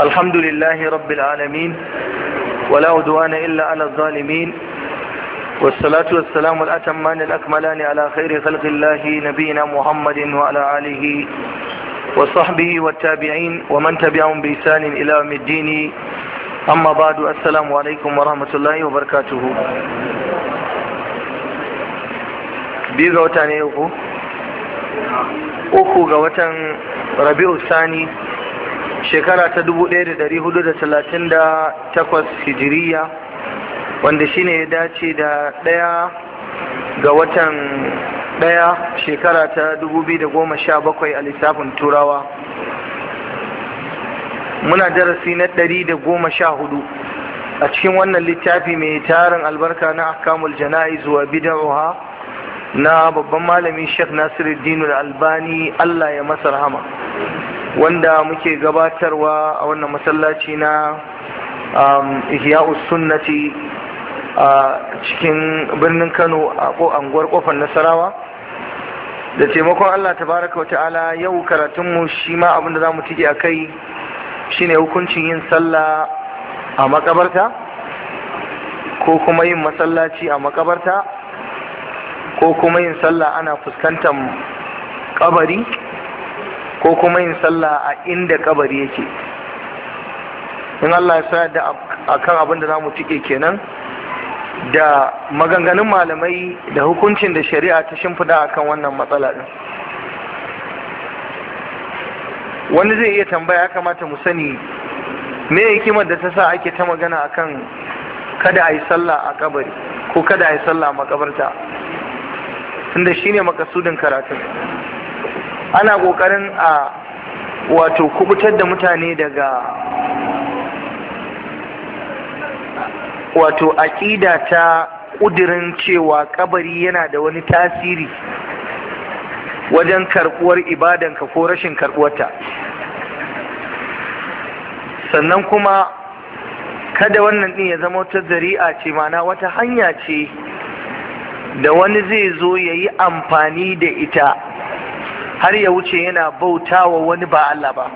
الحمد لله رب العالمين ولا عدوان إلا على الظالمين والصلاة والسلام الأتمان الأكملان على خير خلق الله نبينا محمد وعلى آله وصحبه والتابعين ومن تبعهم بإحسان إلى يوم الدين أما بعد السلام عليكم ورحمة الله وبركاته biyu ga wata ne uku uku ga watan rabi'u sani shekara ta 1438 hijiriya wanda shine ya dace da ɗaya ga watan ɗaya shekara ta 2017 a lissafin turawa muna darasi na hudu, a cikin wannan littafi mai tarin albarka na akamul jana'iz wa bid'uha na babban malami Sheikh dinu da albani Allah ya masa rahama wanda muke gabatarwa a wannan masallaci na um, ihya'us sunnati a cikin birnin kano a anguwar kofar nasarawa da taimakon allah tabaraka wa ta'ala yau karatunmu shi ma abinda za mu tike a kai shine hukuncin yin sallah a makabarta ko kuma yin masallaci a makabarta ko kuma yin sallah ana fuskantar kabari ko kuma yin sallah a inda kabari yake in Allah ya sa a kan abin da zamu cike kenan da maganganun malamai da hukuncin da shari'a ta shimfida kan wannan matsala ɗin. wani zai iya tambaya kamata mu sani me hikimar da ta sa ake ta magana akan kada a yi sallah a kabari ko kada a yi sallah a makabarta tunda shi shine makasudin karatun ana ƙoƙarin a wato kubutar da mutane daga wato aƙida ta ƙudirin cewa kabari yana da wani tasiri wajen karɓuwar ibadanka ko rashin karɓuwarta sannan kuma kada wannan ɗin ya zama wata zari'a ce mana wata hanya ce da wani zai zo ya yi amfani da ita har ya wuce yana bauta wa wani ba Allah ba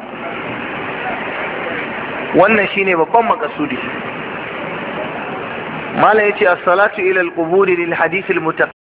wannan shine babban makasudi mala yace as-salatu ila al-quburi lil hadith al